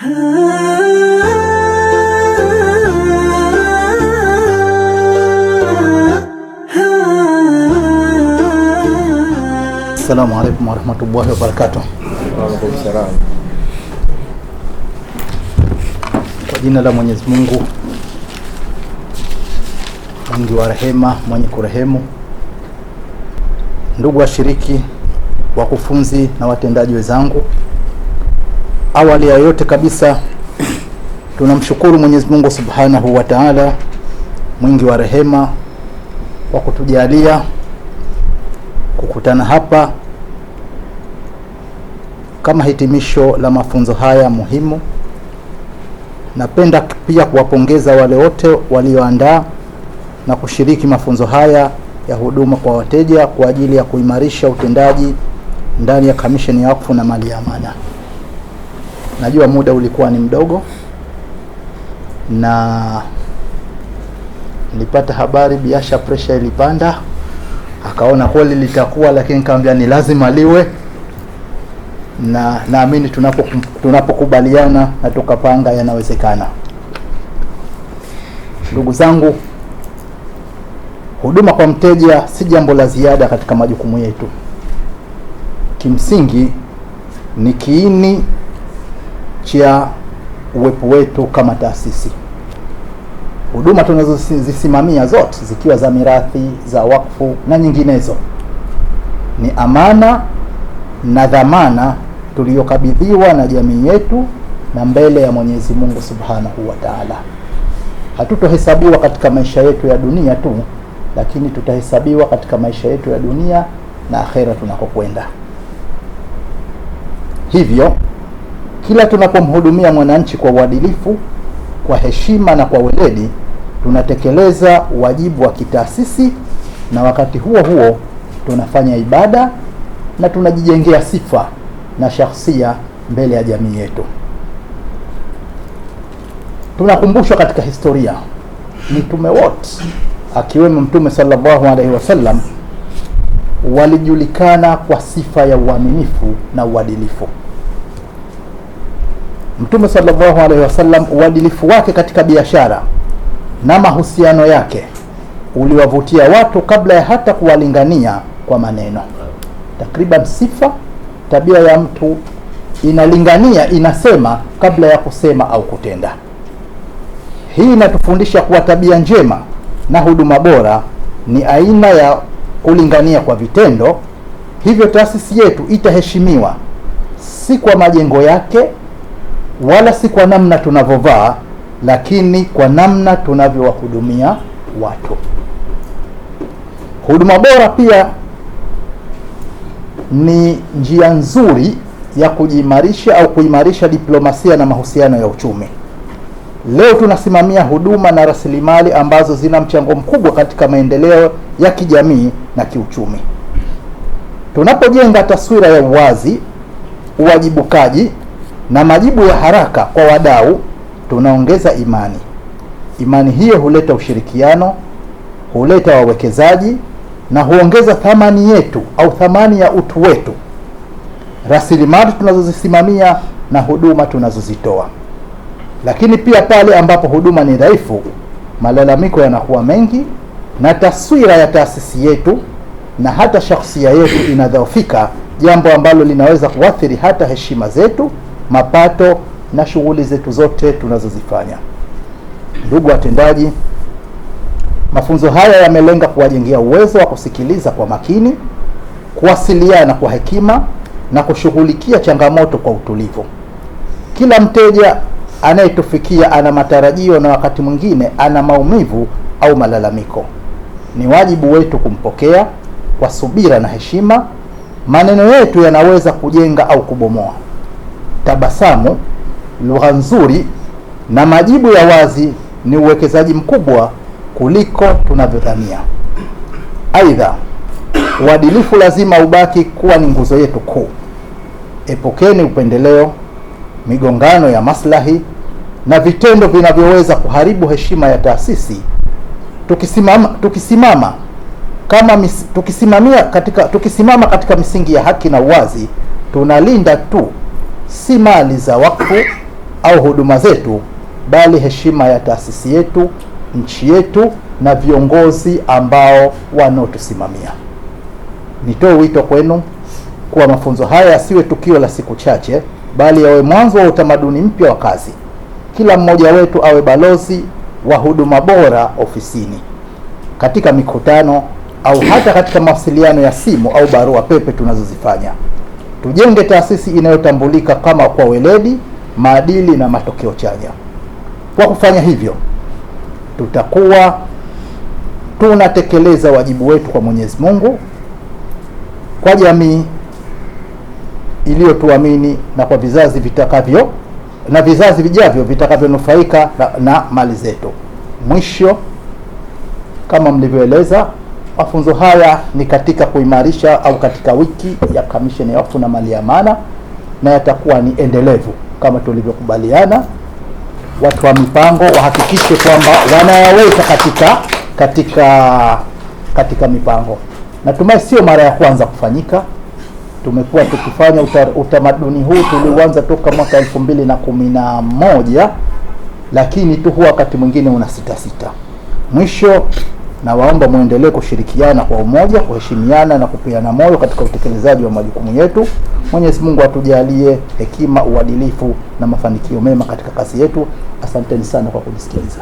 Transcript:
Assalamu alaikum warahmatullahi wabarakatuh. Kwa jina la Mwenyezi Mungu mwingi wa rehema, mwenye kurehemu. Ndugu washiriki, wakufunzi na watendaji wenzangu Awali ya yote kabisa tunamshukuru Mwenyezi Mungu Subhanahu wa Ta'ala mwingi wa rehema kwa kutujalia kukutana hapa kama hitimisho la mafunzo haya muhimu. Napenda pia kuwapongeza wale wote walioandaa na kushiriki mafunzo haya ya huduma kwa wateja kwa ajili ya kuimarisha utendaji ndani ya Kamisheni ya Wakfu na Mali ya Amana najua muda ulikuwa ni mdogo, na nilipata habari biasha, pressure ilipanda, akaona kweli litakuwa, lakini kaambia ni lazima liwe, na naamini tunapo tunapokubaliana na tukapanga yanawezekana. Ndugu zangu, huduma kwa mteja si jambo la ziada katika majukumu yetu, kimsingi ni kiini cha uwepo wetu kama taasisi. Huduma tunazozisimamia zote zikiwa za mirathi, za wakfu na nyinginezo, ni amana na dhamana tuliyokabidhiwa na jamii yetu na mbele ya Mwenyezi Mungu Subhanahu wa Ta'ala. Hatutohesabiwa katika maisha yetu ya dunia tu, lakini tutahesabiwa katika maisha yetu ya dunia na akhera tunakokwenda. Hivyo kila tunapomhudumia mwananchi kwa uadilifu, kwa heshima na kwa weledi, tunatekeleza wajibu wa kitaasisi na wakati huo huo tunafanya ibada na tunajijengea sifa na shahsia mbele ya jamii yetu. Tunakumbushwa katika historia mitume wote akiwemo Mtume sallallahu alaihi wasallam walijulikana kwa sifa ya uaminifu na uadilifu. Mtume sallallahu alaihi wasallam, uadilifu wake katika biashara na mahusiano yake uliwavutia watu kabla ya hata kuwalingania kwa maneno. Takriban sifa tabia ya mtu inalingania, inasema kabla ya kusema au kutenda. Hii inatufundisha kuwa tabia njema na huduma bora ni aina ya kulingania kwa vitendo. Hivyo taasisi yetu itaheshimiwa si kwa majengo yake wala si kwa namna tunavyovaa, lakini kwa namna tunavyowahudumia watu. Huduma bora pia ni njia nzuri ya kujiimarisha au kuimarisha diplomasia na mahusiano ya uchumi. Leo tunasimamia huduma na rasilimali ambazo zina mchango mkubwa katika maendeleo ya kijamii na kiuchumi. Tunapojenga taswira ya uwazi, uwajibukaji na majibu ya haraka kwa wadau, tunaongeza imani. Imani hiyo huleta ushirikiano, huleta wawekezaji na huongeza thamani yetu au thamani ya utu wetu, rasilimali tunazozisimamia na huduma tunazozitoa. Lakini pia pale ambapo huduma ni dhaifu, malalamiko yanakuwa mengi na taswira ya taasisi yetu na hata shakhsia yetu inadhoofika, jambo ambalo linaweza kuathiri hata heshima zetu mapato na shughuli zetu zote tunazozifanya. Ndugu watendaji, mafunzo haya yamelenga kuwajengea uwezo wa kusikiliza kwa makini, kuwasiliana kwa hekima na kushughulikia changamoto kwa utulivu. Kila mteja anayetufikia ana matarajio na wakati mwingine ana maumivu au malalamiko. Ni wajibu wetu kumpokea kwa subira na heshima. Maneno yetu yanaweza kujenga au kubomoa tabasamu, lugha nzuri na majibu ya wazi ni uwekezaji mkubwa kuliko tunavyodhania. Aidha, uadilifu lazima ubaki kuwa ni nguzo yetu kuu. Epukeni upendeleo, migongano ya maslahi na vitendo vinavyoweza kuharibu heshima ya taasisi. Tukisimama, tukisimama kama mis, tukisimamia katika, tukisimama katika misingi ya haki na uwazi, tunalinda tu si mali za wakfu au huduma zetu, bali heshima ya taasisi yetu, nchi yetu na viongozi ambao wanaotusimamia. Nitoe wito kwenu kuwa mafunzo haya yasiwe tukio la siku chache, bali yawe mwanzo wa utamaduni mpya wa kazi. Kila mmoja wetu awe balozi wa huduma bora ofisini, katika mikutano au hata katika mawasiliano ya simu au barua pepe tunazozifanya. Tujenge taasisi inayotambulika kama kwa weledi, maadili na matokeo chanya. Kwa kufanya hivyo, tutakuwa tunatekeleza wajibu wetu kwa Mwenyezi Mungu, kwa jamii iliyotuamini na kwa vizazi vitakavyo na vizazi vijavyo vitakavyonufaika na, na mali zetu. Mwisho, kama mlivyoeleza mafunzo haya ni katika kuimarisha au katika wiki ya Kamisheni ya Wakfu na Mali ya Amana, na yatakuwa ni endelevu kama tulivyokubaliana. Watu wa mipango wahakikishe kwamba wanayaweka katika katika katika mipango. Natumai sio mara ya kwanza kufanyika. Tumekuwa tukifanya utamaduni huu, tuliuanza toka mwaka elfu mbili na kumi na moja, lakini tu huwa wakati mwingine una sita sita mwisho na waomba mwendelee kushirikiana kwa umoja, kuheshimiana na kupeana moyo katika utekelezaji wa majukumu yetu. Mwenyezi Mungu atujalie hekima, uadilifu na mafanikio mema katika kazi yetu. Asanteni sana kwa kunisikiliza.